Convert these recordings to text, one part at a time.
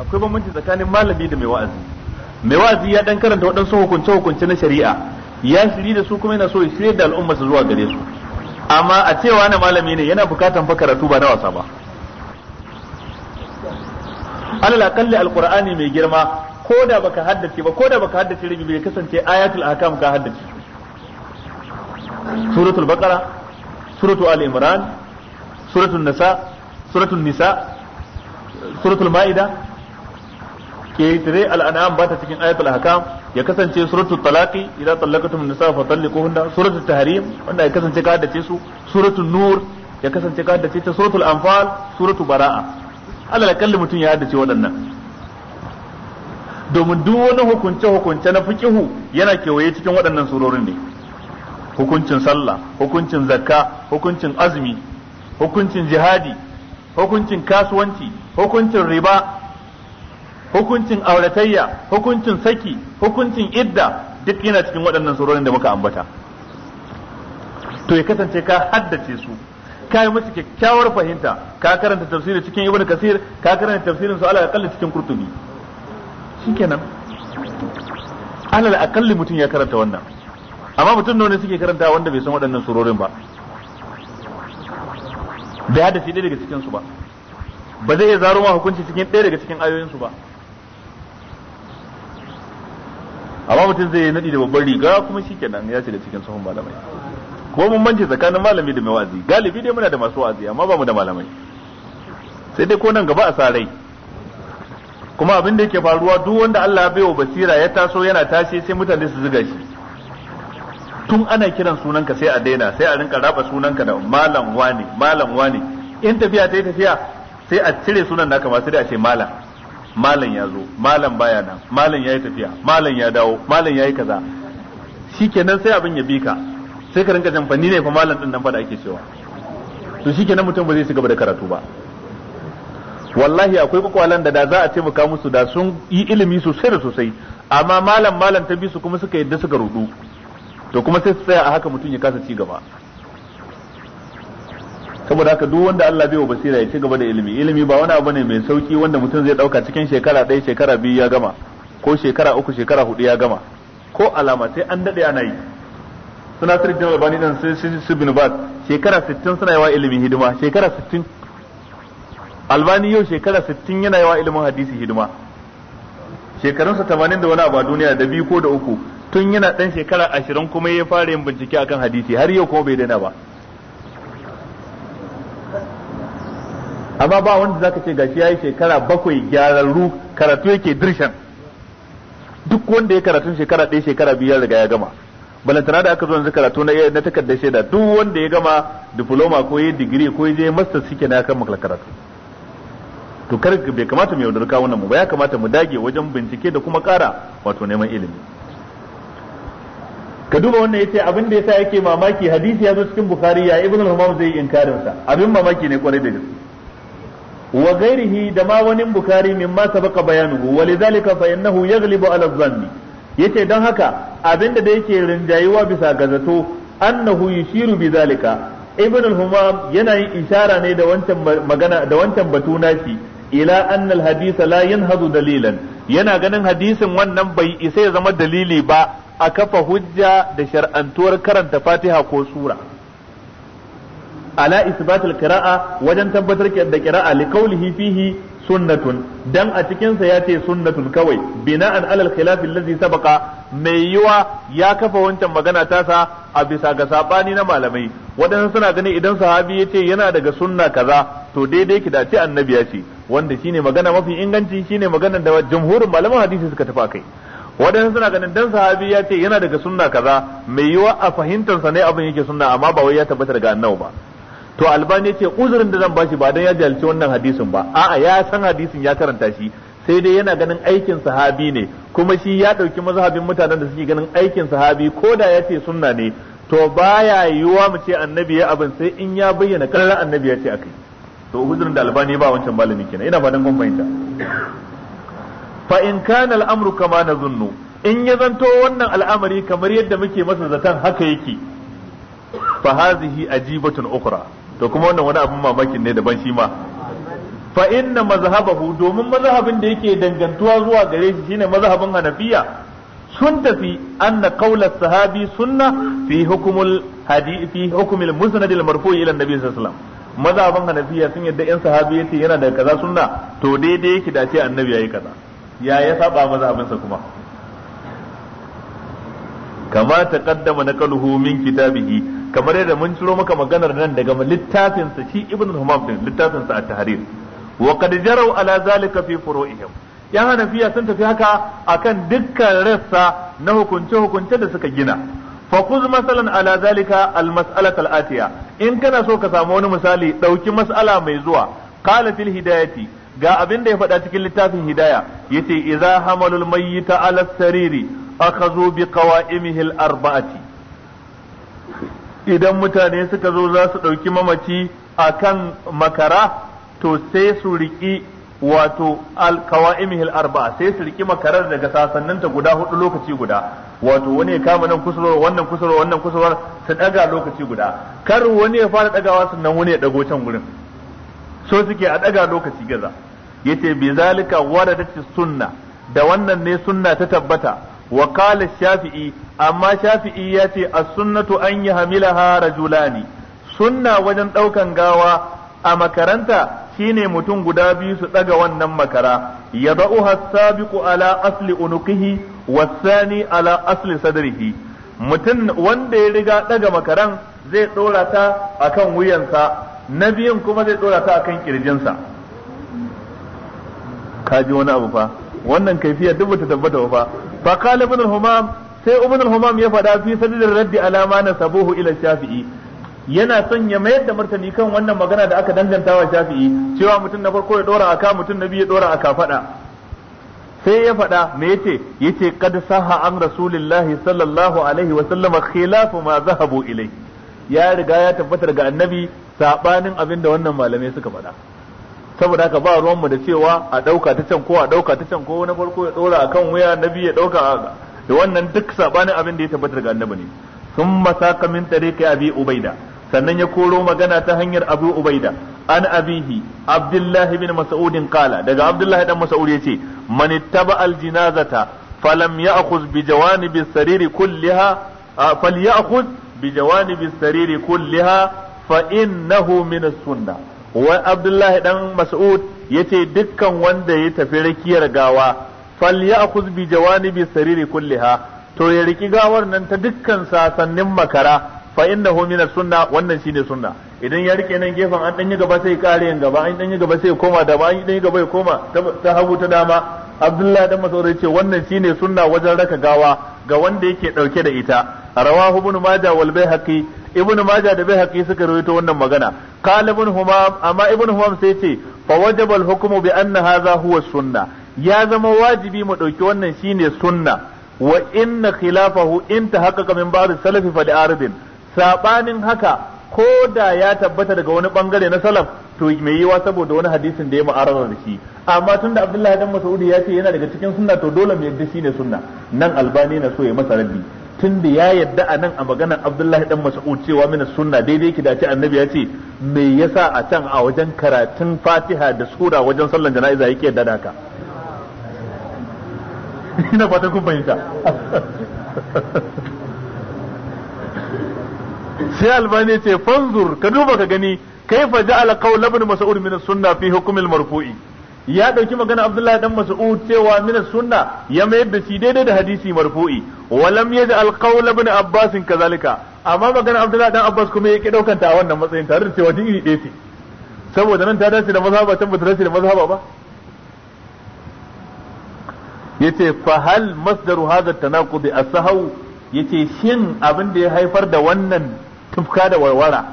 akwai bambanci tsakanin malami da mai wa'azi mai wa'azi ya dan karanta waɗansu hukunce hukunce na shari'a ya shiri da su kuma yana so ya shirya da al'umma su zuwa gare su amma a cewa na malami ne yana bukatan fa karatu ba na wasa ba alal aqalli alqur'ani mai girma ko da baka haddace ba ko da baka haddace rabi bai kasance ayatul ahkam ka haddace suratul baqara suratul al imran suratul nisa suratul nisa suratul ma'ida tare al'an'am ba ta cikin ayatul hakam ya kasance suratul talaqi idza tallaqtum nisa fa talliquhunna suratul tahrim wanda ya kasance ka haddace su suratul nur ya kasance ka haddace ta suratul anfal suratul bara'a alal kalli mutum ya haddace waɗannan domin duk wani hukunce hukunce na fiqihu yana kewaye cikin waɗannan surorin ne hukuncin sallah hukuncin zakka hukuncin azumi hukuncin jihadi hukuncin kasuwanci hukuncin riba hukuncin auratayya hukuncin saki hukuncin idda duk yana cikin waɗannan surorin da muka ambata to ya kasance ka haddace su ka yi musu kyakkyawar fahimta ka karanta tafsirin cikin Ibn kasir ka karanta tafsirin su ala aqalli cikin qurtubi shikenan ala aqalli mutum ya karanta wannan amma mutum ne suke karanta wanda bai san waɗannan surorin ba bai haddace ɗaya daga cikin su ba ba zai iya zaro ma hukunci cikin ɗaya daga cikin ayoyin su ba amma mutum zai yi nadi da babban riga kuma kenan ya shiga cikin sahun malamai ko mun bambanci tsakanin malami da mai wa'azi galibi dai muna da masu wa'azi amma ba mu da malamai sai dai ko nan gaba a sarai. kuma abin da yake faruwa duk wanda Allah ya baiwa basira ya taso yana tashi sai mutane su zuga shi tun ana kiran sunanka sai a daina sai a rinka raba sunanka da malam wane malam wane in tafiya ta yi tafiya sai a cire sunan naka ma sai a ce malam malam ya zo malam baya nan malam ya yi tafiya malam ya dawo malam ya yi kaza shikenan sai abin ya bi ka sai ka rinka jamfani ne fa malam din nan fa da ake cewa to shikenan mutum ba zai shiga da karatu ba wallahi akwai kwakwalan da da za a ce taimaka musu da sun yi ilimi sosai da sosai amma malam malam ta bi su kuma suka yadda suka rudu to kuma sai su tsaya a haka mutum ya kasa ci gaba saboda haka duk wanda Allah bai wa basira ya ci gaba da ilimi ilimi ba wani abu ne mai sauki wanda mutum zai dauka cikin shekara ɗaya shekara biyu ya gama ko shekara uku shekara hudu ya gama ko alama sai an dade ana yi suna sirrin albani dan sai su bin bas shekara 60 suna yawa ilimin hidima shekara 60 albani yau shekara 60 yana yawa ilimin hadisi hidima shekarunsa 80 da wani abu a duniya da biyu ko da uku tun yana dan shekara 20 kuma ya fara yin bincike akan hadisi har yau kuma bai daina ba amma ba wanda zaka ce gashi yayi shekara bakwai gyararru karatu yake dirshan duk wanda ya karatu shekara ɗaya shekara biyu ya riga ya gama balantana da aka zo yanzu karatu na na takardar shaida duk wanda ya gama diploma ko ya digiri ko ya je masters na kan kammala karatu to kar bai kamata mu yaudar kawunan mu ba ya kamata mu dage wajen bincike da kuma ƙara wato neman ilimi ka duba wannan yace abin da yasa yake mamaki hadisi ya zo cikin bukhari ya ibnu al-humam zai inkarin sa abin mamaki ne kwarai da gaske wa gairihi da ma wani bukari mimma sabaqa bayanuhu wa lidhalika fa innahu yaghlibu ala dhanni yace dan haka abinda da yake rinjayuwa bisa ga zato annahu yushiru bi zalika humam yana yin ishara ne da wancan magana da wancan batu nashi ila annal al-hadith la yanhadu dalilan yana ganin hadisin wannan bai isa ya zama dalili ba a kafa hujja da shar'antuwar karanta Fatiha ko sura ala isbatil qira'a wajen tabbatar da qira'a li qawlihi fihi sunnatun dan a cikin sa yace sunnatun kawai bina'an alal khilaf allazi sabaqa mai yiwa ya kafa wancan magana tasa a bisa ga sabani na malamai wadansu suna ganin idan sahabi yace yana daga sunna kaza to daidai ki da annabi ya ce wanda shine magana mafi inganci shine magana da jamhurin malaman hadisi suka tafi kai waɗansu suna ganin dan sahabi ya ce yana daga sunna kaza mai yiwa a fahimtar sa ne abin yake sunna amma ba wai ya tabbata daga annabi ba to albani ce uzurin da zan bashi ba dan ya jalci wannan hadisin ba a'a ya san hadisin ya karanta shi sai dai yana ganin aikin sahabi ne kuma shi ya dauki mazhabin mutanen da suke ganin aikin sahabi ko da ya ce sunna ne to baya yiwuwa mu ce annabi ya abin sai in ya bayyana kallon annabi ya ce akai to uzurin da albani ba wancan malami kenan ina fadan kun fa in kana al'amru kama nazunnu in ya zanto wannan al'amari kamar yadda muke masa zaton haka yake fa hazihi ajibatun ukhra to kuma wannan wani abin mamakin ne daban shi ma fa inna mazhabahu domin mazhabin da yake dangantuwa zuwa gare shi shine mazhabin hanafiya sun tafi anna qaula sahabi sunna fi hukumul hadi fi hukumil musnad al marfu ila nabi sallallahu alaihi wasallam mazhabin hanafiya sun yadda in sahabi yace yana da kaza sunna to daidai yake da ce annabi yayi kaza ya ya saba mazhabin sa kuma kama taqaddama naqaluhu min kitabihi kamar yadda mun ciro maka maganar nan daga littafin sa shi ibn humam din littafinsa sa at-tahrir wa qad jaraw ala zalika fi furu'ihim yan hanafiya sun tafi haka akan dukkan rassa na hukunce hukunce da suka gina fa kuz masalan ala zalika al atiya in kana so ka samu wani misali dauki mas'ala mai zuwa qala fil hidayati ga abin da ya faɗa cikin littafin hidaya yace idza hamalul mayyita ala sariri akhadhu bi qawa'imihi al-arba'ati idan mutane suka zo za su ɗauki mamaci a kan makara to sai su riƙi wato imihil arba, sai su riƙi makarar daga sasanninta guda hudu lokaci guda wato wani ya kama nan kusurwar wannan kusurwar wannan kusurwar su ɗaga lokaci guda kar wani ya fara ɗagawa sannan wani ya ɗago can gurin so suke a ɗaga lokaci gaza yace bi zalika waradat sunna da wannan ne sunna ta tabbata wa qala shafi'i amma shafi'i ya ce as-sunnatu an yahmilaha rajulani sunna wajen daukan gawa a makaranta shine mutum guda biyu su daga wannan makara ya uhasabiƙu sabiqu ala asli unuqihi wasani ala asli sadrihi mutum wanda ya riga daga makaran zai dora ta akan wuyansa na biyun kuma zai dora ta akan kirjinsa kaji wani abu fa wannan tabbata fa fa ibn sai ibn al-humam ya faɗa fi sadidin raddi alama na sabuhu ila shafi'i yana son ya mayar da martani kan wannan magana da aka danganta wa shafi'i cewa mutum na farko ya dora aka mutum na biyu ya dora aka faɗa sai ya faɗa me yace yace qad saha an rasulillahi sallallahu alaihi wa sallama khilafu ma zahabu ilai ya riga ya tabbatar ga annabi sabanin abinda wannan malamai suka faɗa saboda haka ba ruwanmu da cewa a ɗauka ta can ko a ɗauka ta can ko na farko ya ɗora a kan wuya na biyu ya ɗauka a da wannan duk saɓanin abin da ya tabbatar ga annabi ne sun masaka min tariqi abi ubaida sannan ya koro magana ta hanyar abu ubaida an abihi abdullahi bin mas'udin kala daga abdullahi dan mas'ud ce, man ittaba al jinazata falam ya'khudh bi jawanibi sariri kulliha falya'khudh bi jawanibi sariri kulliha fa innahu min as-sunnah wa abdullahi dan mas'ud yace dukkan wanda ya tafi rakiyar gawa falyakhuz bi jawanibi sariri kulliha to ya riki gawar nan ta dukkan sasannin makara fa innahu min sunna wannan shine sunna idan ya rike nan gefen an danyi gaba sai kare yin gaba an danyi gaba sai koma da ba an danyi gaba ya koma ta hagu ta dama abdullahi dan mas'ud yace wannan shine sunna wajen raka gawa ga wanda yake dauke da ita rawahu ibn majah wal baihaqi ibnu majah da bihaqi suka rawaito wannan magana qala ibn humam amma ibn humam sai ce fa wajaba al hukmu bi anna hadha huwa sunna ya zama wajibi mu dauki wannan shine sunna wa inna khilafahu in tahaqqaqa min ba'd salafi fa arabin sabanin haka ko da ya tabbata daga wani bangare na salaf to mai yiwa saboda wani hadisin da ya ma'arara da shi amma tun da abdullahi dan mas'udi ya ce yana daga cikin sunna to dole mu yadda shine sunna nan albani na so ya masa rabbi. tun da ya yadda a nan a maganar abdullahi dan mas'ud cewa mina sunna daidai ki dace annabi ya ce me yasa a can a wajen karatun fatiha da sura wajen sallan jana'iza yake yadda da haka ina fatan kun fahimta sai albani ce fanzur ka duba ka gani kaifa ja'ala qawl ibn mas'ud min sunna fi hukm al-marfu'i ya ɗauki magana Abdullahi dan Mas'ud cewa min sunna ya mayar da shi daidai da hadisi marfu'i wa lam al qawl ibn Abbas kazalika amma magana Abdullahi dan Abbas kuma yake daukan ta a wannan matsayin tare da cewa iri ɗaya ce saboda nan ta dace da mazhaba tan bata dace da mazhaba ba yace fa hal masdaru hadha tanaqud as-sahw yace shin abin da ya haifar da wannan tufka da warwara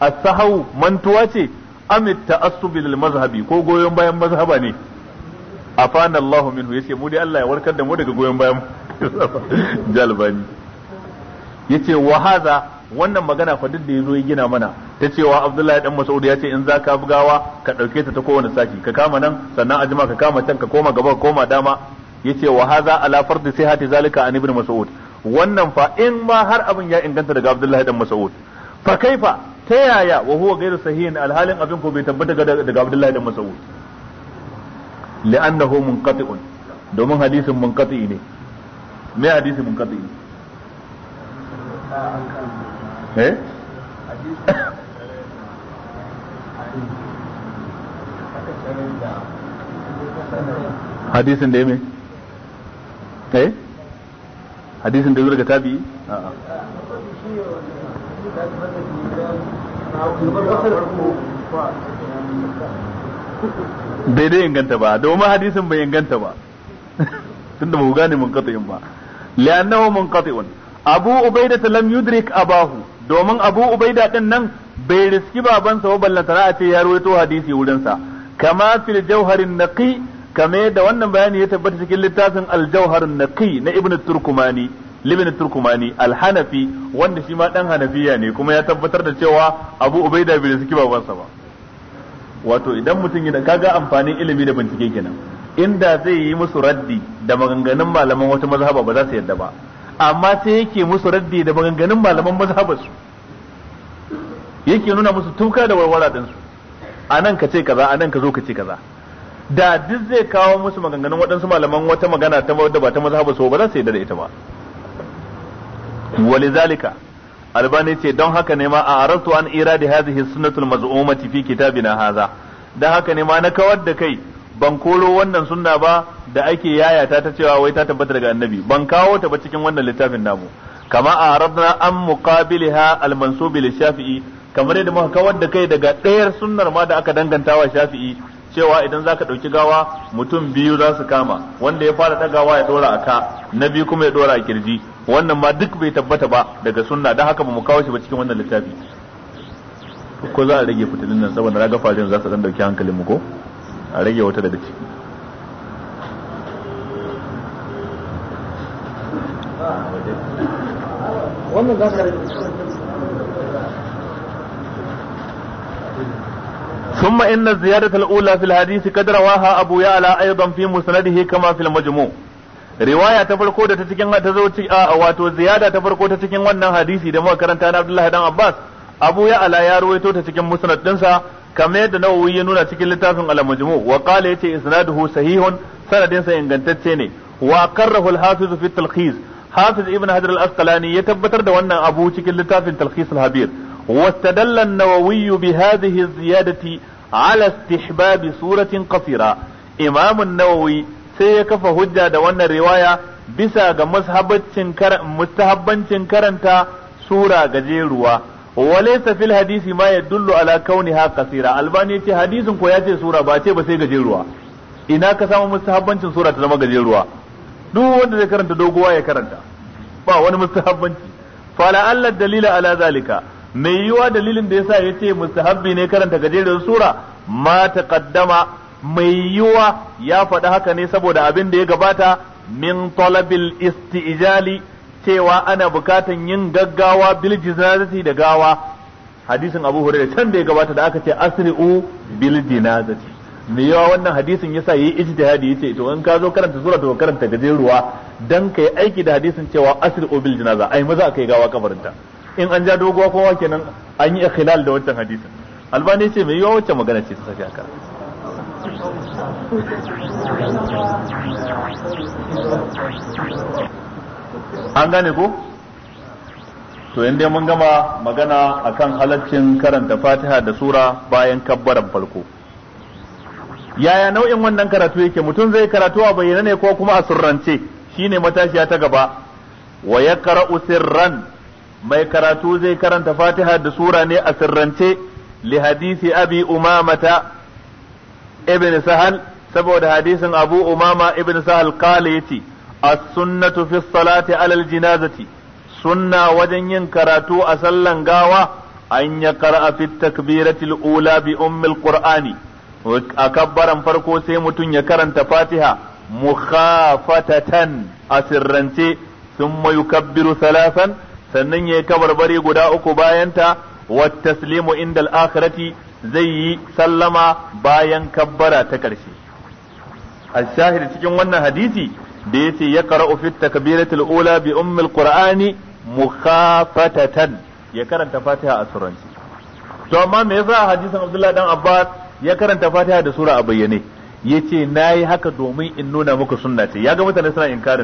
as-sahw mantuwa ce amit ta'assubi lil mazhabi ko goyon bayan mazhaba ne afana Allahu minhu yace mu dai Allah ya warkar da mu daga goyon bayan jalbani yace wa hadha wannan magana fa duk da yazo ya gina mana ta cewa Abdullahi dan Mas'ud ya ce in za ka bugawa ka dauke ta ta kowane saki ka kama nan sannan jima ka kama can ka koma gaba ka koma dama yace wa hadha ala fardi sihhati zalika an ibn Mas'ud wannan fa in ma har abin ya inganta daga Abdullahi dan Mas'ud fa kaifa ta yaya wa huwa ghairu sahihin alhalin abin ko bai tabbata daga Abdullahi dan Mas'ud li'annahu munqati'un domin hadisin munqati ne me hadisin munqati eh, eh? hadisin da ya me eh hadisin da ya daga tabi'i a'a daidai inganta ba domin hadisin bai inganta ba tun da ku gane munqati'in ba li'annahu munqati'un abu ubaida lam yudrik abahu domin abu ubaida din nan bai riski babansa ba ballantana a ce ya rawaito hadisi wurinsa sa kama fil jauharin naqi kame da wannan bayani ya tabbata cikin littafin al-jawharun naqi na ibnu turkumani libin turkumani alhanafi wanda shi ma dan hanafiya ne kuma ya tabbatar da cewa abu ubaida bai suke babansa ba wato idan mutum yana kaga amfanin ilimi da bincike kenan inda zai yi musu raddi da maganganun malaman wata mazhaba ba za su yadda ba amma sai yake musu raddi da maganganun malaman mazhabar su yake nuna musu tuka da warwara din su anan ka ce kaza anan ka zo ka ce kaza da duk zai kawo musu maganganun waɗansu malaman wata magana ta ba ta mazhaba su ba za su yadda da ita ba ولذلك albani ce don haka ne ma a arastu an ira da hadhihi sunnatul maz'umati fi na haza don haka ne ma na kawar da kai ban koro wannan sunna ba da ake yayata ta cewa wai ta tabbata daga annabi ban kawo ta ba cikin wannan littafin namu kama a arabna an muqabiliha al mansubi li shafi'i kamar yadda muka kawar da kai daga ɗayar sunnar ma da aka danganta wa shafi'i cewa idan zaka ɗauki gawa mutum biyu za su kama wanda ya fara ɗagawa ya ɗora a ka na biyu kuma ya ɗora a kirji wannan ma duk bai tabbata ba daga sunna dan haka ba mu kawo shi ba cikin wannan littafi ko za a rage fitilin nan saboda raga fajin za su dan dauki hankalin mu ko a rage wata daga ciki wannan za ثم إن الزيادة الأولى في الحديث قد رواها أبو يعلى أيضا في مسنده كما في المجموع riwaya ta farko da ta cikin ta zo a wato ziyada ta farko ta cikin wannan hadisi da muka karanta na Abdullahi dan Abbas Abu ya ala ya ruwaito ta cikin musnad dinsa kamar yadda Nawawi ya nuna cikin littafin Al-Majmu wa qala yace isnaduhu sahihun sanadin sa ingantacce ne wa qarrahu al-Hafiz fi Hafiz Ibn Hajar al-Asqalani ya tabbatar da wannan abu cikin littafin Talkhis al-Habir واستدل النووي بهذه الزيادة على استحباب سورة قصيرة إمام النووي sai ya kafa hujja da wannan riwaya bisa ga mustahabbancin karanta sura gajeruwa walaysa fil hadisi ma yadullu ala kauniha kasira albani ce hadisin ko ya ce sura ba ce ba sai gajeruwa ina ka samu mustahabbancin sura ta zama gajeruwa duk wanda zai karanta doguwa ya karanta ba wani mustahabbanci fala alla dalila ala zalika mai yiwa dalilin da yasa yace mustahabbi ne karanta gajeruwar sura ma taqaddama mai yiwa ya faɗi haka ne saboda abin da ya gabata min talabil istijali cewa ana bukatan yin gaggawa bil jinazati da gawa hadisin Abu Hurairah can da ya gabata da aka ce asri'u bil jinazati me yawa wannan hadisin yasa yayi ijtihadi yace to in ka zo karanta sura to karanta gajeruwa dan kai aiki da hadisin cewa asri'u bil jinaza ai maza kai gawa kabarinta in an ja doguwa kowa kenan an yi ikhlal da wancan hadisin albani ce me yawa wacce magana ce ta saka an gane ko to in dai mun gama magana akan halaccin karanta fatiha da sura bayan kabbaran farko yaya nau'in wannan karatu yake mutum zai karatu a bayyane ne ko kuma a surrance shine matashiya ta gaba wa yaqra'u sirran mai karatu zai karanta fatiha da sura ne a sirrance li hadisi abi umamata ibn sahal saboda hadisin abu umama ibn sahal kala yace as-sunnatu fi salati alal jinazati sunna wajen yin karatu a sallan gawa an ya qara'a fi takbirati ula bi ummil qur'ani a kabbaran farko sai mutum ya karanta fatiha mukhafatatan a sirrance sun mayu yukabbiru salasan sannan ya kabarbari guda uku bayanta wa taslimu indal al zai yi sallama bayan kabbara ta ƙarshe الشاهد cikin wannan hadisi da yace ya qara'u fi takbiratil Ola bi mu umm qur'ani mukhafatatan ya karanta fatiha a suranci to amma me yasa Hadisan abdullahi dan abbas ya karanta fatiha da sura a bayyane yace nayi haka domin in nuna muku sunna ce yaga mutane suna in ta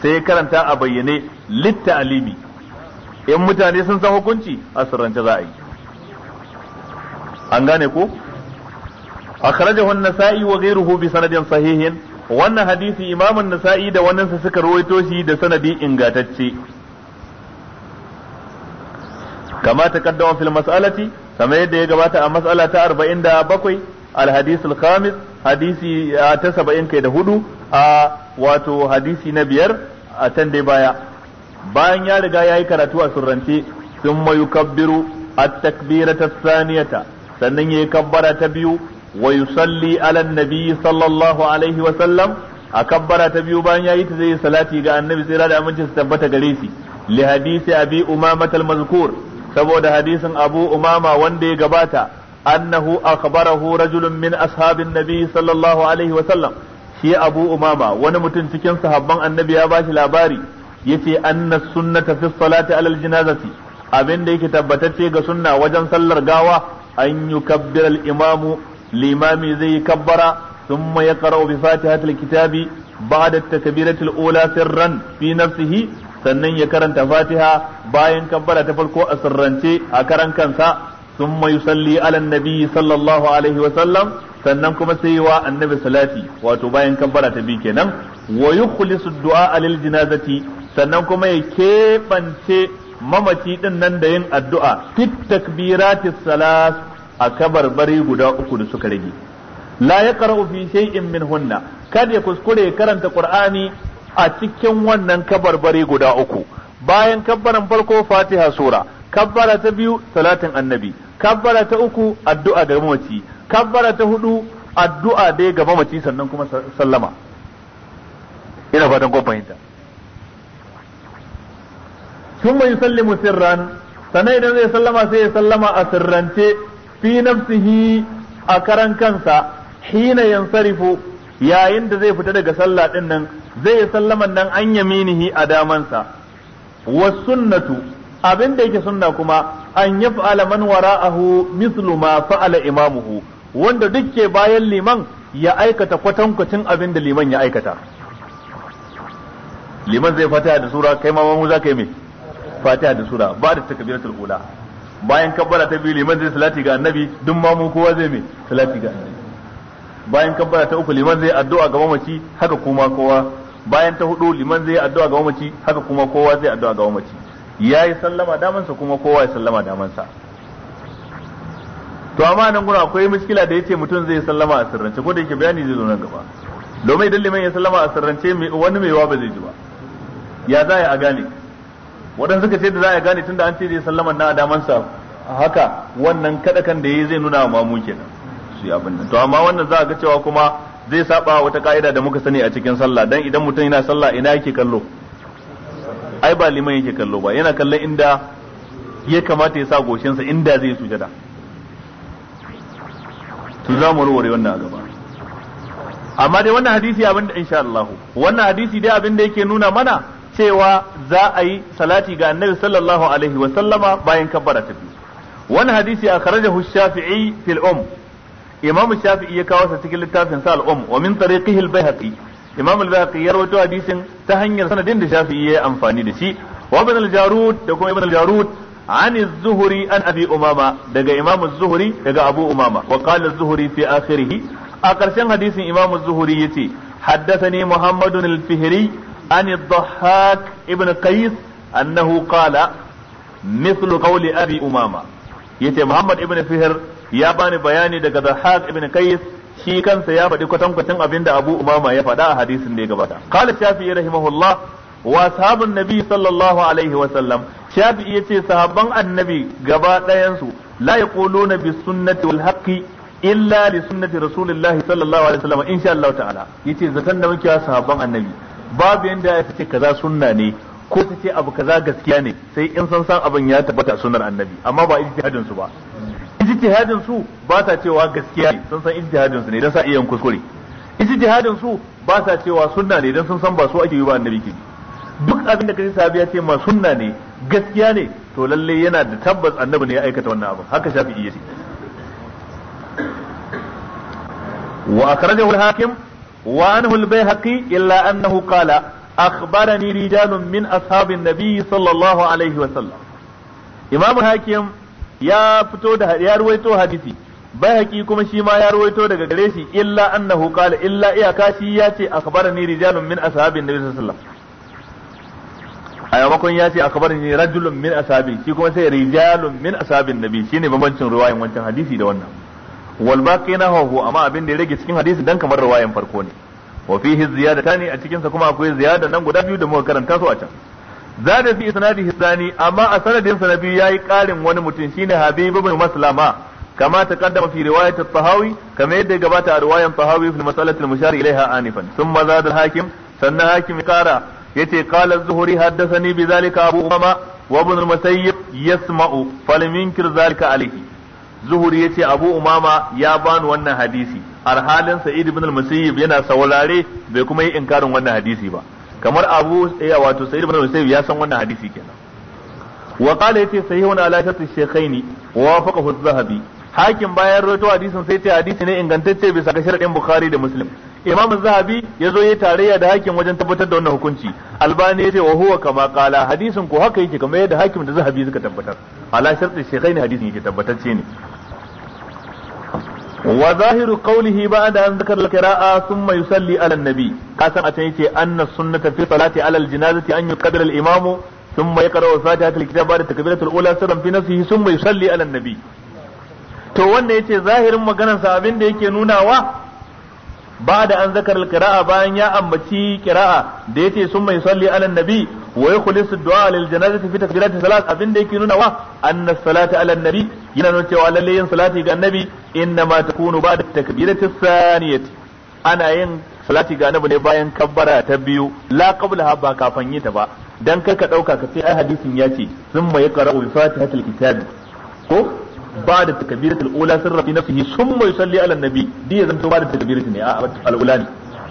sai ya karanta a bayyane litta alimi in mutane sun san hukunci a surance za a yi an gane ko akhrajahu an-nasa'i wa ghayruhu bi sanadin sahihin wannan hadisi imam an-nasa'i da wannan sa suka rawaito shi da sanadi ingantacce kama taqaddama fil mas'alati kama yadda ya gabata a mas'ala ta 47 al-hadith al-khamis hadisi ta 70 kai da hudu a wato hadisi na biyar a can dai baya bayan ya riga yayi karatu a surrance sun mayukabbiru at-takbirata saniyata sannan ya yi kabbara ta biyu wa yusalli ala nabi sallallahu alaihi wa sallam a kabbara ta biyu bayan yayi ta zai yi salati ga annabi sai da aminci su tabbata gare shi li hadisi abi umama al mazkur saboda hadisin abu umama wanda ya gabata annahu akhbarahu rajulun min ashabin nabi sallallahu alaihi wa sallam shi abu umama wani mutum cikin sahabban annabi ya bashi labari yace anna sunnata fi salati alal janazati abin da yake tabbatacce ga sunna wajen sallar gawa an yi al-imamu limami zai yi kabbara thumma yaqra'u bi fatihatil kitabi ba'da at-takbiratil ula sirran fi nafsihi sannan ya karanta fatiha bayan kabbara ta farko a sirrance a karan kansa thumma yusalli ala nabi sallallahu alaihi wa sallam sannan kuma sai wa annabi salati wato bayan kabbara ta bi kenan wa yukhlisu du'a lil janazati sannan kuma ya kebance mamaci din nan da yin addu'a fit takbiratis salas a bari guda uku da suka rage la qara'u fi shay'in min hunna kada ya kuskure karanta qur'ani a cikin wannan kabar bari guda uku bayan kabbaran farko fatiha sura kabbara ta biyu salatin annabi kabbara ta uku addu'a ga mamaci kabbara ta hudu addu'a dai ga mamaci sannan kuma sallama ina fatan ko fahimta ثم يسلم سرا sannan idan zai sallama sai ya sallama a sirrance fi nafsihi a karan kansa hina yansarifu yayin da zai fita daga sallah din nan zai sallama nan an yaminihi a damansa Wa sunnatu abin da yake sunna kuma an yaf'ala man wara'ahu mislu ma fa'ala imamuhu wanda duk ke bayan liman ya aikata kwatankwacin abin da liman ya aikata liman zai fata da sura kai ma mu za yi fatiha da sura ba da takbiratul ula bayan kabbara ta biyu liman zai salati ga annabi duk ma mu kowa zai mai salati ga annabi bayan kabbara ta uku liman zai addu'a ga mamaci haka kuma kowa bayan ta hudu liman zai addu'a ga mamaci haka kuma kowa zai addu'a ga mamaci yayi sallama damansa kuma kowa ya sallama damansa to amma nan gura akwai mushkila da yace mutum zai sallama a sirrance ko da yake bayani zai zo nan gaba domin idan liman ya sallama a sirrance wani mai wa ba zai ji ba ya za a gane waɗanda suka ce da za a gane tunda an ce zai sallama na A haka wannan kada kan da yayi zai nuna wa ke kenan su yi abin nan to amma wannan za a ga cewa kuma zai saba wata ka'ida da muka sani a cikin sallah dan idan mutum yana sallah ina yake kallo ai ba liman yake kallo ba yana kallon inda ya kamata ya sa goshinsa inda zai sujada to za mu warware wannan a gaba amma dai wannan hadisi abin da insha Allah wannan hadisi dai abin da yake nuna mana cewa za a yi salati ga annabi sallallahu alaihi wa sallama bayan kabbara ta biyu wani hadisi a shafi'i fil um imam shafi'i ya kawo sa cikin littafin sa al um wa min tariqihi al bayhaqi imam al bayhaqi ya rawaito hadisin ta hanyar sanadin da shafi'i ya amfani da shi wa ibn al jarud da kuma ibn al jarud عن الزهري عن أبي أمامة دقى إمام الزهري دقى أبو أمامة وقال الزهري في آخره أقرشن حديث إمام الزهري يتي حدثني محمد الفهري عن الضحاك ابن قيس أنه قال مثل قول umama, أمامة yace Muhammad ibn Fihr ya bani bayani daga Dhahab ibn Qais shi kansa ya faɗi kwatankwacin abin abinda Abu Umama ya faɗa a hadisin da ya gabata qala Shafi'i rahimahullah wa ashabun nabi sallallahu alaihi wa sallam Shafi'i yace sahabban annabi gaba ɗayan su la yaquluna bi sunnati wal haqqi illa li sunnati rasulillahi sallallahu alaihi wa sallam insha Allah ta'ala yace zaton da muke sahabban annabi babu yanda ya fice kaza sunna ne ko ta ce abu kaza gaskiya ne sai in san san abin ya tabbata sunnar annabi amma ba ijtihadin su ba ijtihadin su ba ta cewa gaskiya ne sun san ijtihadin su ne dan sa iya kuskure ijtihadin su ba ta cewa sunna ne dan sun san ba su ake yi ba annabi ke duk abin da kace sahabi ya ce ma sunna ne gaskiya ne to lalle yana da tabbas annabi ne ya aikata wannan abin haka iya yace wa akhrajahu al-hakim وعنه البيهقي إلا أنه قال أخبرني رجال من أصحاب النبي صلى الله عليه وسلم إمام الحاكم يا فتو يا رويتو حديثي bayhaqi kuma shi ma ya rawaito daga gare shi illa annahu qala illa iyaka shi ya ce akhbarani rijalun min ashabin nabi sallallahu alaihi wasallam ya ce akhbarani rajulun min ashabi shi kuma sai rijalun min ashabin nabi shine bambancin riwayan wancan hadisi da wannan wal baqi nahahu amma abin da ya rage cikin hadisi dan kamar riwayan farko ne wa fihi ziyadatani a cikin sa kuma akwai ziyada nan guda biyu da muka karanta su a can zada fi isnadihi thani amma a sanadin sa nabi yayi karin wani mutum shi shine habib ibn maslama kama kaddama fi riwayat at-tahawi kama yadda gabata a riwayan tahawi fi mas'alati al-mushar ilaiha anifan thumma zada al-hakim sannan hakim kara yace qala az-zuhri haddathani bi zalika abu umama wa ibn al-musayyib yasma'u falam yunkir zalika alayhi zuhuri yace abu umama ya bani wannan hadisi arhalin sa'id ibn al-musayyib yana saurare bai kuma yi inkarin wannan hadisi ba kamar abu ya eh, wato sa'id ibn al-musayyib ya san wannan hadisi kenan wa qala yace sahihun ala shartu shaykhaini wa wafaqahu az-zahabi hakim bayan rawaito hadisin sai ta hadisi ne ingantacce bisa ga sharadin bukhari da muslim imam zahabi ya zo ya tarayya da hakim wajen tabbatar da wannan hukunci albani ya ce wa huwa kama qala hadisin ko haka yake kamar yadda hakim da zahabi suka tabbatar ala shartin shaykhaini hadisin yake tabbatacce ne wa zahiru qawlihi ba'da an dhakara al-qira'a thumma yusalli ala an-nabi kasan a can yace anna sunnata fi salati ala al-janazati an yuqaddara al-imamu thumma yaqra'u fatihata al da ba'da takbiratul ula sirran fi nafsihi thumma yusalli ala an-nabi to wanda yace zahirin maganar sa abin da yake nunawa ba'da an dhakara al-qira'a bayan ya ambaci qira'a da yace thumma yusalli ala an-nabi wa yakhlisu du'a lil janazati fi takbirati salat abinda yake nuna wa anna salata ala nabi yana nuna cewa lalle yin salati ga annabi inna ma takunu ba'da takbirati thaniyati ana yin salati ga annabi ne bayan kabbara ta biyu la qablaha ba kafan yi ta ba dan kar ka dauka ka ce ai hadisin ya ce summa yaqra'u bi fatihatil kitab ko ba da takbiratul ula sirra fi nafsihi summa yusalli ala nabi diya zanto ba da takbiratul ne a al-ula ne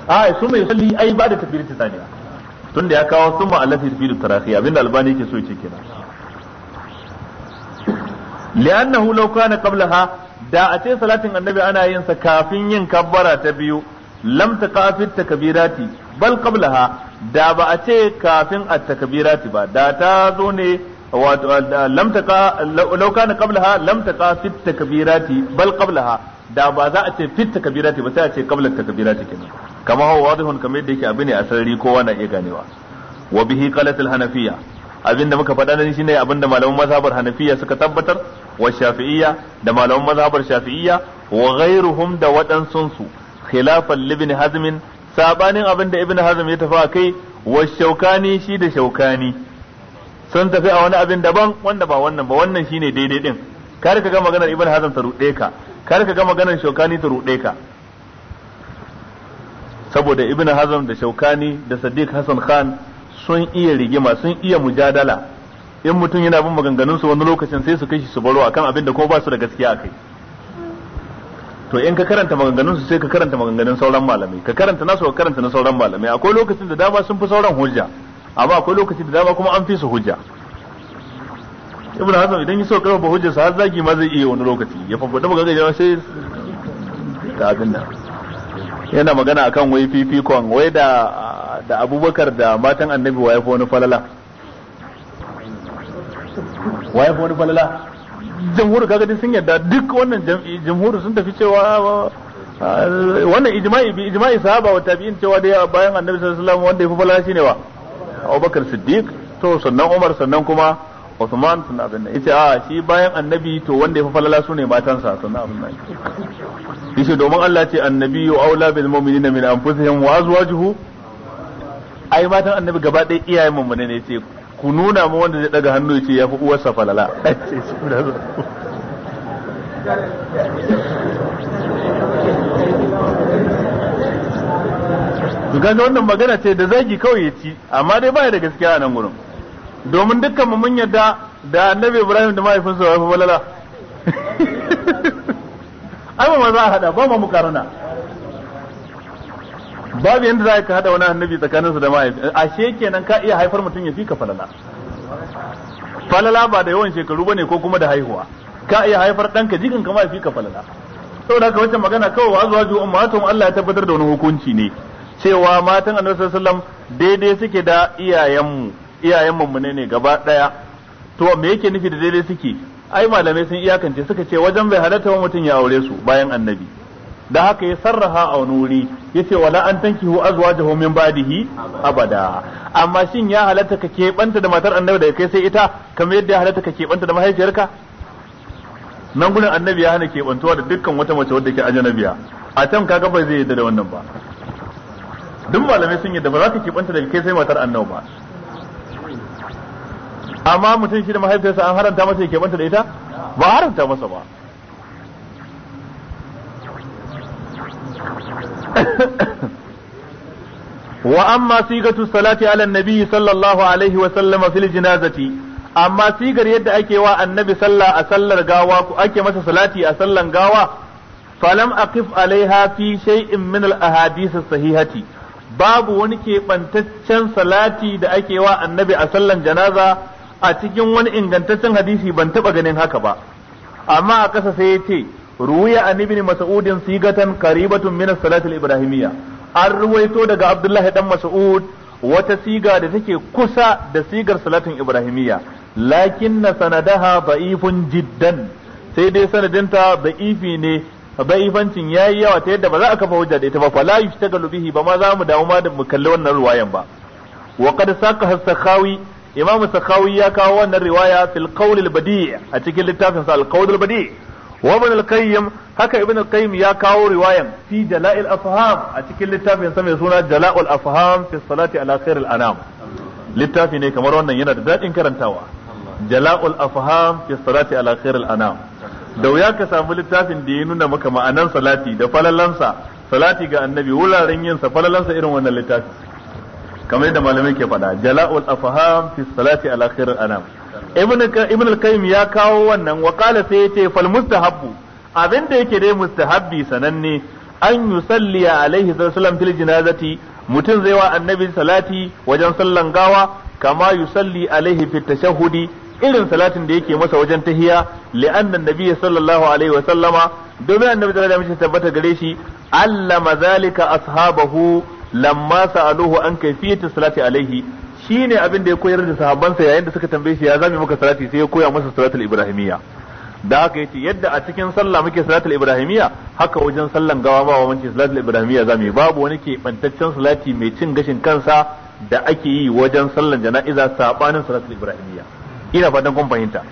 a summa yusalli ai ba da takbiratul thaniya tun da ya kawo sun ma'alafi fi da tarafi abinda albani ke so ce kenan li'annahu law kana qablaha da a ce salatin annabi ana yin sa kafin yin kabbara ta biyu lam taqafit takbirati bal qablaha da ba a ce kafin at-takbirati ba da ta zo ne wato lam taqa law kana qablaha lam taqafit takbirati bal qablaha da ba za a ce fit takbirati ba sai a ce qabla takbirati kenan kama huwa wadihun kamar yadda yake abin ne a sarari kowa na iya ganewa wa bihi qalat al hanafiya abinda muka faɗa nan shine abin da malaman mazhabar hanafiya suka tabbatar wa shafi'iyya da malaman mazhabar shafi'iyya wa ghairuhum da waɗansun su khilafan libn hazm sabanin abin da ibn hazm ya tafi kai wa shaukani shi da shaukani sun tafi a wani abin daban wanda ba wannan ba wannan shine daidai din kar ka ga maganar ibn hazm ta ruɗe ka kar ka ga maganar shaukani ta ruɗe ka saboda ibn hazm da shaukani da sadiq hasan khan sun iya rigima sun iya mujadala in mutum yana bin maganganun su wani lokacin sai su kai shi su baro akan abin da kuma ba su da gaskiya akai to in ka karanta maganganun su sai ka karanta maganganun sauran malamai ka karanta nasu ka karanta na sauran malamai akwai lokacin da dama sun fi sauran hujja amma akwai lokacin da dama kuma an fi su hujja ibn hazm idan ya so karfa hujjarsa har zagi ma zai iya wani lokaci ya fafaɗa maganganun sai ta abin nan yana magana akan wai fifikon wai da da abubakar da matan annabi wa yafi wani falala wa yafi wani falala jamhuru kaga sun yarda duk wannan jamhuru sun tafi cewa wannan ijma'i bi ijma'i sahaba wa tabi'in cewa da bayan annabi sallallahu alaihi wasallam wanda yafi falala shine wa abubakar siddiq to sannan umar sannan kuma Uthman sun abin nan yace a ah, shi bayan annabi to wanda ya falala su ne matansa sun abin nan yace domin Allah ce annabi wa aula bil mu'minina min anfusihim wa azwajuhu ai matan annabi gaba ɗaya iyayen mummune ne yace ku nuna mu wanda zai daga hannu yace yafi fi uwarsa falala ga wannan magana ce da zagi kawai ya ci amma dai baya da gaskiya a nan gurin domin dukkan mu mun yarda da annabi Ibrahim da mahaifinsa ya fi balala ai ba za a hada ba ma mukarana babu yanda za ka hada wani annabi tsakaninsa da mahaifi ashe kenan ka iya haifar mutum ya fi ka falala falala ba da yawan shekaru bane ko kuma da haihuwa ka iya haifar ɗanka jikin ka mahaifi ka falala saboda haka wacce magana kawai wa zuwa ju ummatum Allah ya tabbatar da wani hukunci ne cewa matan annabi sallallahu alaihi wasallam daidai suke da iyayenmu iyayen mu ne gaba daya to me yake nufi da daidai suke ai malamai sun iyakance suka ce wajen bai halatta wa mutum ya aure su bayan annabi da haka ya sarraha a wani wuri yace wala an tanki hu azwajahu min ba'dihi abada amma shin ya halatta ka keɓanta da matar annabi daga kai sai ita kamar yadda ya halatta ka keɓanta da mahaifiyarka nan gurin annabi ya hana keɓantuwa da dukkan wata mace wadda ke ajanabiya a can kaga bai zai yadda da wannan ba duk malamai sun yadda ba za ka keɓanta daga kai sai matar annabi ba amma mutum shi da mahaifiyarsa an haranta masa yake banta da ita ba haranta masa ba wa amma sigatu salati ala nabi sallallahu alaihi wa sallama fil janazati amma sigar yadda ake wa annabi sallah a sallar gawa ko ake masa salati a sallan gawa falam aqif alaiha fi shay'in min al ahadith sahihati babu wani keɓantaccen salati da ake wa annabi a sallan janaza a cikin wani ingantaccen hadisi ban taba ganin haka ba amma a kasa sai ya ce, ruwaya an ibn mas'udin sigatan qaribatun min as-salati al-ibrahimiyya an ruwaito daga abdullahi dan mas'ud wata siga da take kusa da sigar salatin ibrahimiyya lakinna sanadaha da'ifun jiddan sai dai sanadinta da'ifi ne da'ifancin yayi yawa ta yadda ba za a kafa hujja da ita ba fala yushtagalu bihi ba ma za mu damu ma da mu kalli wannan ruwayan ba wa qad saqa as-sakhawi imam sakhawi ya kawo wannan riwaya fil qawl al badi' a cikin littafin sa badi' wa ibn haka ibn al ya kawo riwayan fi jala'il afham a cikin littafin mai suna jala'ul afham fi salati ala khair al anam littafi ne kamar wannan yana da daɗin karantawa jala'ul afham fi salati ala khair al anam da wuya ka samu littafin da ya nuna maka ma'anar salati da falalansa salati ga annabi wuraren yin sa falalansa irin wannan littafi kamar yadda malamai ke faɗa jala'ul afham fi salati ala khair anam ibn ibn al-qayyim ya kawo wannan wa qala sai yace fal mustahabbu abinda yake dai mustahabbi sananne an yusalli alaihi sallam fil janazati mutum zai wa annabi salati wajen sallan gawa kama yusalli alaihi fit tashahhudi irin salatin da yake masa wajen tahiya li'annan nabiyyi sallallahu alaihi wa sallama domin annabi da ya mishi tabbata gare shi allama zalika ashabahu lamma sa'aluhu an kayfiyati salati alaihi shine abin da ya koyar da sahabbansa yayin da suka tambaye shi ya zame muka salati sai ya koya musu salatul ibrahimiyya da haka yace yadda a cikin sallah muke salatul ibrahimiyya haka wajen sallan gawa ba wa muke salatul ibrahimiyya zamu babu wani ke bantaccen salati mai cin gashin kansa da ake yi wajen sallan jana'iza sabanin salatul ibrahimiyya ina fatan kun fahimta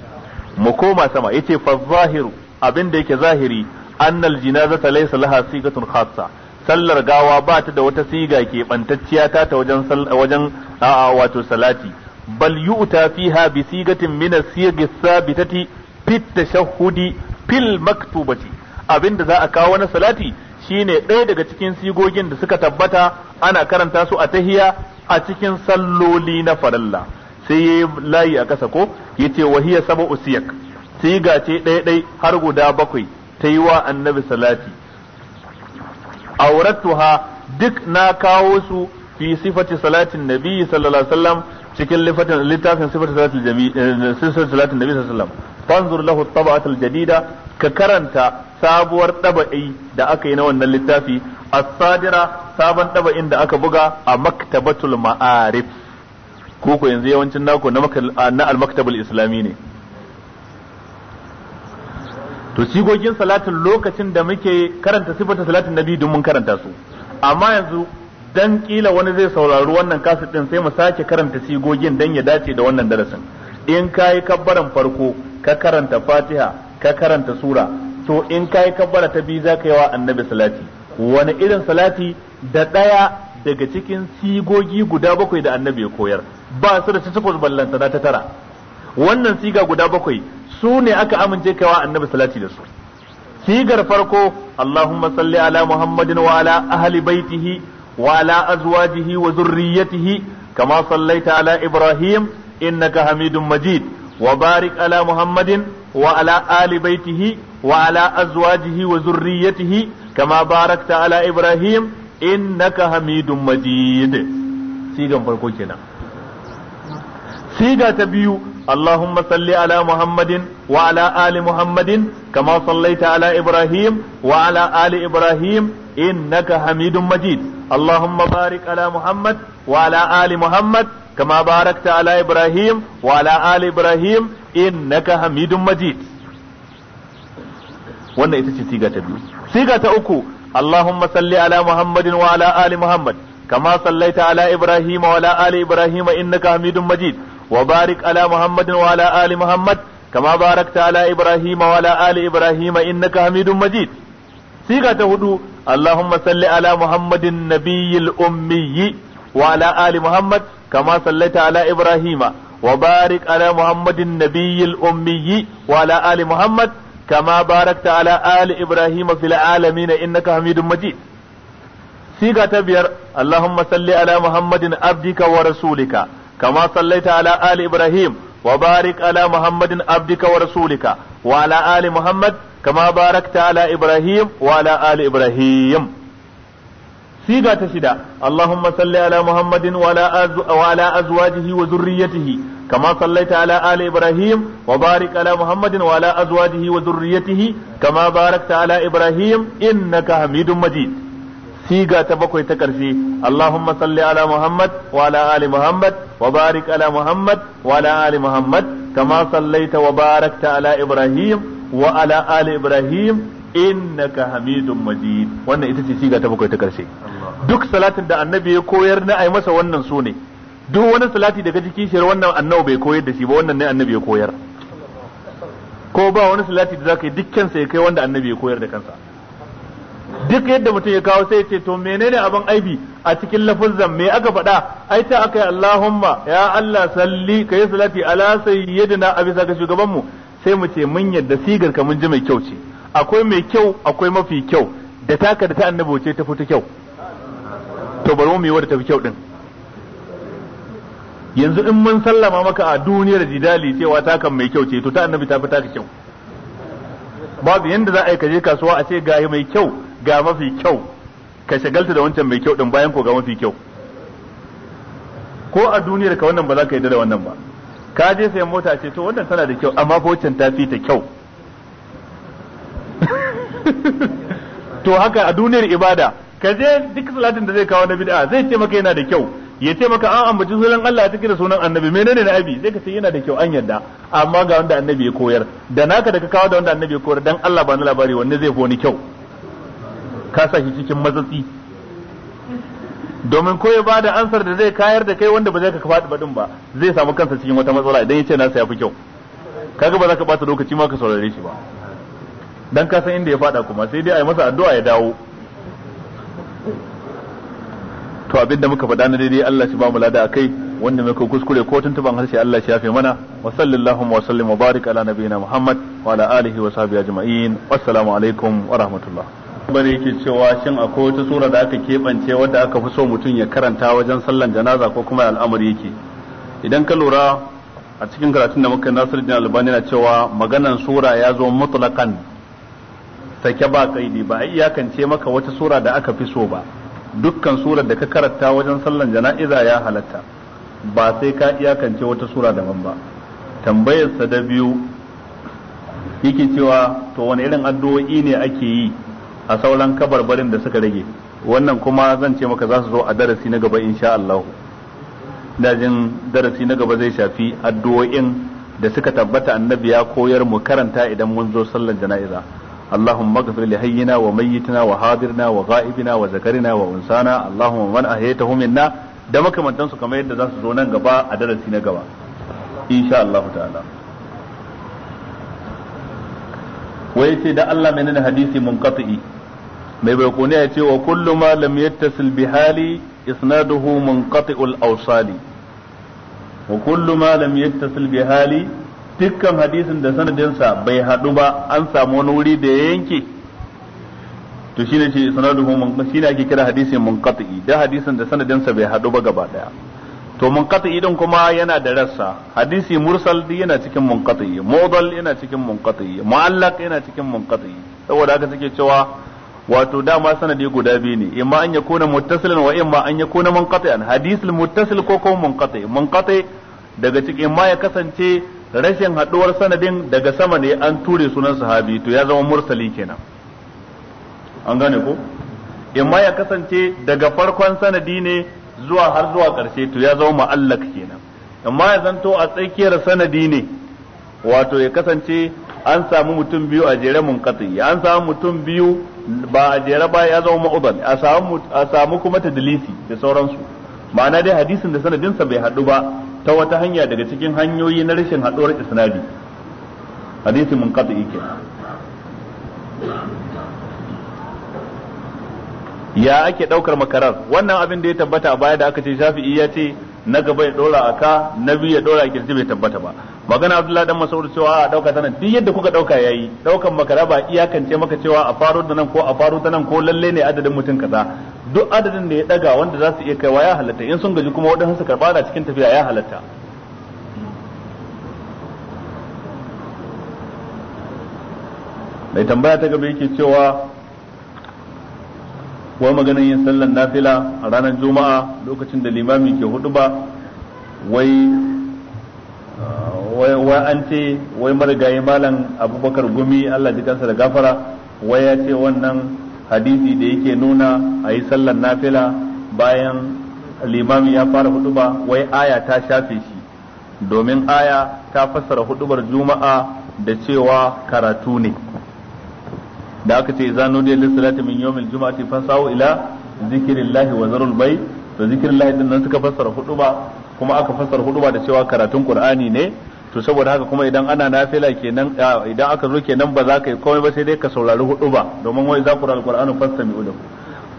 mu koma sama yace fa zahiru abin da yake zahiri annal jinazata laysa laha sigatun khassa sallar gawa ba ta da wata siga ke bantacciya ta ta wajen wajen wato salati bal yu'ta fiha bi sigatin min as-sigi thabitati fi tashahhudi fil maktubati abinda za a kawo na salati shine ɗaya daga cikin sigogin da suka tabbata ana karanta su a tahiya a cikin salloli na faralla sai yi layi a ƙasa, ko yace wahiya sab'u siyak siga ce ɗaya ɗaya har guda bakwai ta yi wa annabi salati auratuha duk na kawo su fi sifati salatin nabi sallallahu alaihi wasallam cikin littafin eh, sifati salatin nabi sallallahu alaihi wasallam fanzur lahu tabat aljadida ka karanta sabuwar daba'i da aka yi na wannan littafi as-sadira sabon daba'in da aka buga a maktabatul ma'arif ko yanzu yawancin naku na al-maktabul islami ne to sigogin salatin lokacin da muke karanta sifata salatin nabi don mun karanta su amma yanzu dan kila wani zai saurari wannan kasu din sai mu sake karanta sigogin dan ya dace da wannan darasin in kai kabbaran farko ka karanta fatiha ka karanta sura to in kai kabbara ta biyu zaka yi wa annabi salati wani irin salati da daya daga cikin sigogi guda bakwai da annabi ya koyar ba su da ta takwas na ta tara wannan siga guda bakwai su ne aka amince kaiwa annabi salati da su sigar farko Allahumma salli ala Muhammadin wa ala ahli baitihi wa ala azwajihi wa zurriyyatihi kama sallaita ala Ibrahim innaka Majid wa barik ala Muhammadin wa ala ali baitihi wa ala azwajihi wa zurriyyatihi kama barakta ala Ibrahim innaka Majid sigan farko kenan siga ta biyu اللهم صل على محمد وعلى آل محمد كما صليت على إبراهيم وعلى آل إبراهيم إنك حميد مجيد اللهم بارك على محمد وعلى آل محمد كما باركت على إبراهيم وعلى آل إبراهيم إنك حميد مجيد wannan ita ce siga ta biyu siga ta uku Allahumma salli ala Muhammadin wa ala ali Muhammad kama sallaita ala Ibrahim wa ala ali Ibrahim innaka Hamidum Majid وبارك على محمد وعلى آل محمد كما باركت على إبراهيم وعلى آل إبراهيم إنك حميد مجيد صيغة هدو اللهم صل على محمد النبي الأمي وعلى آل محمد كما صليت على إبراهيم وبارك على محمد النبي الأمي وعلى آل محمد كما باركت على آل إبراهيم في العالمين إنك حميد مجيد صيغة بير اللهم صل على محمد عبدك ورسولك كما صليت على آل إبراهيم وبارك على محمد عبدك ورسولك وعلى آل محمد كما باركت على إبراهيم وعلى آل إبراهيم صيغة تسدى اللهم صل على محمد وعلى, أز... وعلى أزواجه وذريته كما صليت على آل إبراهيم وبارك على محمد وعلى أزواجه وذريته كما باركت على إبراهيم إنك حميد مجيد siga ta bakwai ta ƙarshe Allahumma salli ala Muhammad wa ala ali Muhammad wa barik ala Muhammad wa ala ali Muhammad kama sallaita wa barakta ala Ibrahim wa ala ali Ibrahim innaka Hamidum Majid wannan ita ce siga ta bakwai ta ƙarshe duk salatin da annabi ya koyar na ai masa wannan su ne duk wani salati daga cikin shi wannan annabi bai koyar da shi ba wannan ne annabi ya koyar ko ba wani salati da zaka yi dukkan sa ya kai wanda annabi ya koyar da kansa duk yadda mutum ya kawo sai ce to menene abin aibi a cikin lafuzan me aka faɗa ai ta aka yi Allahumma ya Allah salli ka yi salati ala sayyidina a bisa ga shugaban mu sai mu ce mun yadda sigar ka mun ji mai kyau ce akwai mai kyau akwai mafi kyau da taka da ta annabo ce ta fito kyau to bari mu yi wadda ta fi kyau din yanzu in mun sallama maka a duniyar jidali cewa takan mai kyau ce to ta annabi ta fi taka kyau babu yanda za a yi kaje kasuwa a ce gahi mai kyau ga mafi kyau ka shagalta da wancan mai kyau din bayan ko ga mafi kyau ko a duniyar ka wannan ba za ka yi da wannan ba ka je sayan mota ce to wannan tana da kyau amma ko wancan ta fi ta kyau to haka a duniyar ibada ka je duk salatin da zai kawo na bid'a zai ce maka yana da kyau ya ce maka an ambaci sunan Allah take da sunan annabi menene na abi zai ka ce yana da kyau an yarda amma ga wanda annabi ya koyar da naka da ka kawo da wanda annabi ya koyar dan Allah ba na labari wanne zai fi wani kyau ka sa shi cikin matsatsi domin ko ya ba da ansar da zai kayar da kai wanda ba zai ka faɗi baɗin ba zai samu kansa cikin wata matsala idan ya ce nasa ya fi kyau kaga ba za ka bata lokaci ma ka saurare shi ba dan ka san inda ya faɗa kuma sai dai a yi masa addu'a ya dawo to abin da muka faɗa na daidai Allah shi ba mu lada akai wanda muka kuskure ko tuntuban harshe Allah shi yafe mana wa sallallahu wa sallim wa barik ala nabiyina Muhammad wa ala alihi wa sahbihi ajma'in assalamu alaikum wa rahmatullah bane yake cewa shin akwai wata sura da aka keɓance wadda aka fi so mutum ya karanta wajen sallan janaza ko kuma al'amari yake idan ka lura a cikin karatun da muka nasir jin albani na cewa maganan sura ya zo mutlakan sake ba kaidi ba a iyakance maka wata sura da aka fi so ba dukkan surar da ka karanta wajen sallan jana'iza ya halatta ba sai ka iyakance wata sura daban ba tambayarsa da biyu yake cewa to wani irin addu'o'i ne ake yi a sauran kabarbarin da suka rage wannan kuma zan ce maka za su zo a darasi na gaba insha Allah jin darasi na gaba zai shafi addu'o'in da suka tabbata annabi ya koyar mu karanta idan mun zo sallar jana'iza اللهم اغفر لحينا وميتنا وحاضرنا وغائبنا وذكرنا وانسانا اللهم من احييته منا da makamantan su kamar yadda za su zo nan gaba a darasi na gaba insha Allah ta'ala wai ce da Allah menene hadisi munqati mai bai kone ya ce wa kullu ma lam yattasil bi hali isnaduhu munqati'ul awsali wa kullu ma lam yattasil bi hali dukkan hadisin da sanadinsa bai hadu ba an samu wani wuri da ya yanke to shine ce isnaduhu munqati shine ake kira hadisin munqati da hadisin da sanadinsa bai hadu ba gaba daya to munqati din kuma yana da rassa hadisi mursal din yana cikin munqati mu'dal yana cikin munqati mu'allaq yana cikin munqati saboda haka take cewa wato dama sanadi guda biyu ne imma an yakuna muttasilan wa imma an yakuna munqati'an hadisul muttasil ko kuma munqati munqati daga cikin ma ya kasance rashin haduwar sanadin daga sama ne an ture sunan sahabi to ya zama mursali kenan an gane ko imma ya kasance daga farkon sanadi ne zuwa har zuwa karshe to ya zama mu'allaq kenan amma ya zanto a tsakiyar sanadi ne wato ya kasance an samu mutum biyu a jere ya an samu mutum biyu ba a jere ba ya zama ma'udan a samu kuma ta dalisi da sauransu ma'ana dai hadisin da sanadinsa bai haɗu ba ta wata hanya daga cikin hanyoyi na rashin haɗuwar isnadi hadisin munqati ike ya ake ɗaukar makarar wannan abin da ya tabbata a baya da aka ce shafi'i ya ce na gaba ya dora aka ka na biyu ya dora kirji bai tabbata ba magana abdullahi dan masaudu cewa a dauka sanan duk yadda kuka dauka yayi daukan makara ba iyakance maka cewa a faro da nan ko a faro da nan ko lalle ne adadin mutum kaza duk adadin da ya daga wanda za su iya kaiwa ya halatta in sun gaji kuma wadansu su karba da cikin tafiya ya halatta mai tambaya ta gaba yake cewa kuwa maganin yin sallan nafila a ranar juma'a lokacin da limami ke hudu ba wai an ce wai marigayi malam abubakar gumi allah jikansa da gafara wai ya ce wannan hadisi da yake nuna a yi sallan nafila bayan limami ya fara hudu ba wai aya ta shafe shi domin aya ta fassara hudubar juma'a da cewa karatu ne da aka ce idza nudiya lis salati min yawmil jum'ati fasaw ila zikrillahi wa zarul bay to zikrillahi din nan suka fassara ba kuma aka fassara ba da cewa karatun qur'ani ne to saboda haka kuma idan ana nafila kenan idan aka zo kenan ba za ka yi komai ba sai dai ka saurari ba domin wai za ku ra alqur'anu fastami'u lahu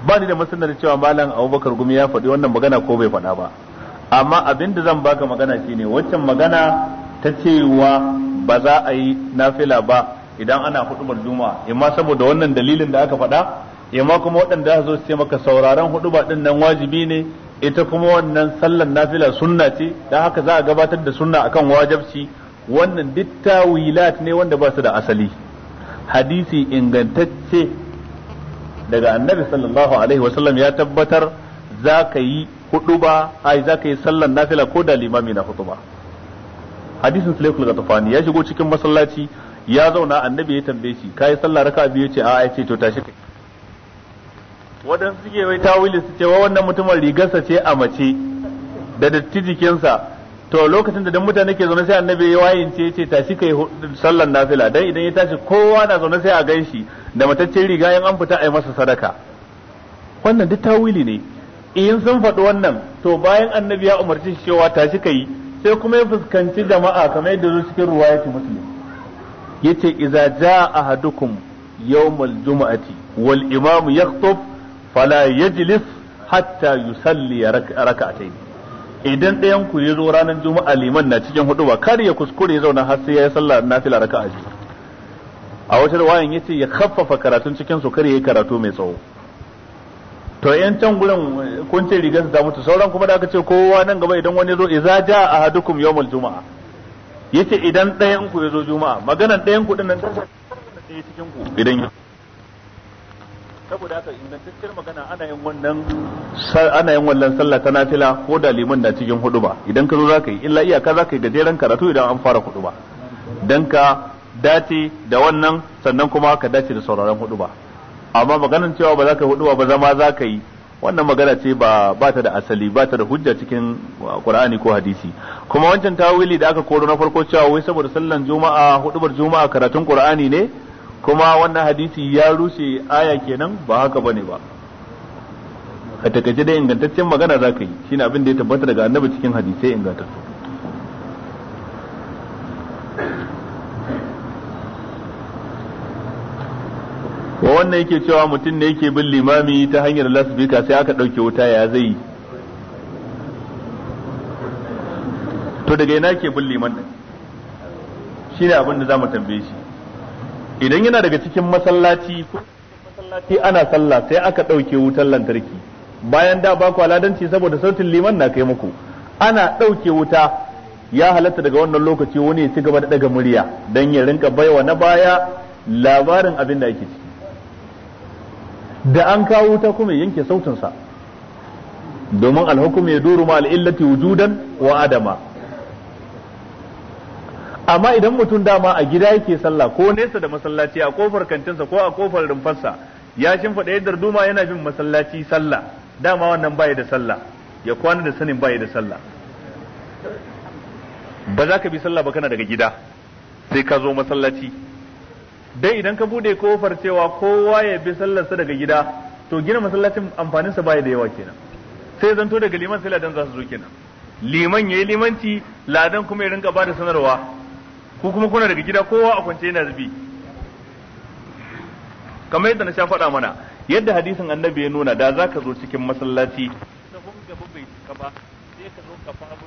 ba ni da masanar cewa malam Abubakar Gumi ya faɗi wannan magana ko bai faɗa ba amma abin da zan baka magana shine waccan magana ta cewa ba za a yi nafila ba idan ana hudubar juma'a imma saboda wannan dalilin da aka faɗa imma kuma waɗanda za su ce maka sauraron huduba din nan wajibi ne ita kuma wannan sallar nafila sunna ce dan haka za a gabatar da sunna akan wajibci wannan duk tawilat ne wanda ba su da asali hadisi ingantacce daga annabi sallallahu alaihi wasallam ya tabbatar za ka yi huduba ai za ka yi sallar nafila ko da limami na hutuba hadisin sulaikul gatafani ya shigo cikin masallaci ya zauna annabi ya tambaye shi kai sallah raka biyu ce a'a ce to tashi kai wadan suke wai tawili su ce wa wannan mutumin rigarsa ce a mace da datti jikinsa to lokacin da dan mutane ke zaune sai annabi ya ce yace tashi kai sallar nafila dan idan ya tashi kowa na zaune sai a ganshi da mataccen riga yan an fita ai masa sadaka wannan duk tawili ne in sun faɗi wannan to bayan annabi ya umarci shi cewa tashi kai sai kuma ya fuskanci jama'a kamar yadda zo cikin ruwayatu musulmi yace idza jaa ahadukum yawmal jumu'ati wal imam yakhutub fala yajlis hatta yusalli rak'atayn idan ɗayan ku ya zo ranar juma'a liman na cikin hudu ba kar ya kuskure zauna har sai ya yi sallah nafila raka'a a wata rawayan yace ya khaffafa karatun cikin su kar ya yi karatu mai tsawo to yan can gurin kun ce rigar ta mutu sauran kuma da aka ce kowa nan gaba idan wani zo idza jaa ahadukum yawmal juma'a yace idan ɗayan ku ya zo juma'a maganar ɗayan ku din nan ta sai cikin ku idan ya saboda haka ingantacciyar magana ana yin wannan ana yin wannan sallah ta nafila ko da liman na cikin huduba idan ka zo zaka yi illa iyaka zaka yi gajeren karatu idan an fara huduba dan ka dace da wannan sannan kuma ka dace da sauraron huduba amma maganar cewa ba za ka yi huduba ba zama za ka yi wannan magana ce ba ba ta da asali ba ta da hujja cikin Qur'ani ko hadisi kuma wancan tawili da aka koro na farko cewa wai saboda sallan juma'a hudubar juma'a karatun Qur'ani ne kuma wannan hadisi ya rushe aya kenan ba haka bane ba a takaice da ingantaccen magana zaka yi shine abin da ya tabbata daga annabi cikin hadisai ingantattu wa wannan yake cewa mutum ne yake bin limami ta hanyar lasfika sai aka ɗauke wuta ya zai to daga ina ke bin liman nan shi ne abin da za mu tambaye shi idan yana daga cikin masallaci ko masallaci ana sallah sai aka ɗauke wutar lantarki bayan da ba ku aladanci saboda sautin liman na kai muku ana ɗauke wuta ya halatta daga wannan lokaci wani ya ci gaba da daga murya don ya rinka baiwa na baya labarin abin da ake ci da an kawo ta kuma yanke sautinsa domin alhukum ya duru ma al'illati wujudan wa adama amma idan mutum dama a gida yake sallah ko nesa da masallaci a kofar kantinsa ko a kofar rumfarsa ya fada yadda duma yana bin masallaci sallah dama wannan baya da sallah ya kwana da sanin baya da sallah ba za ka bi sallah ba kana daga gida sai ka zo masallaci dai idan ka bude kofar cewa kowa ya bi sallarsa daga gida to gina masallacin amfaninsa baya da yawa kenan sai zanto daga liman sai ladan za su zo kenan liman yayi limanci ladan kuma ya rinka bada sanarwa ko kuma kuna daga gida kowa a kwance yana zubi kamar yadda na sha faɗa mana yadda hadisin annabi ya nuna da zaka zo cikin masallaci gaba bai cika ba sai ka zo ka fara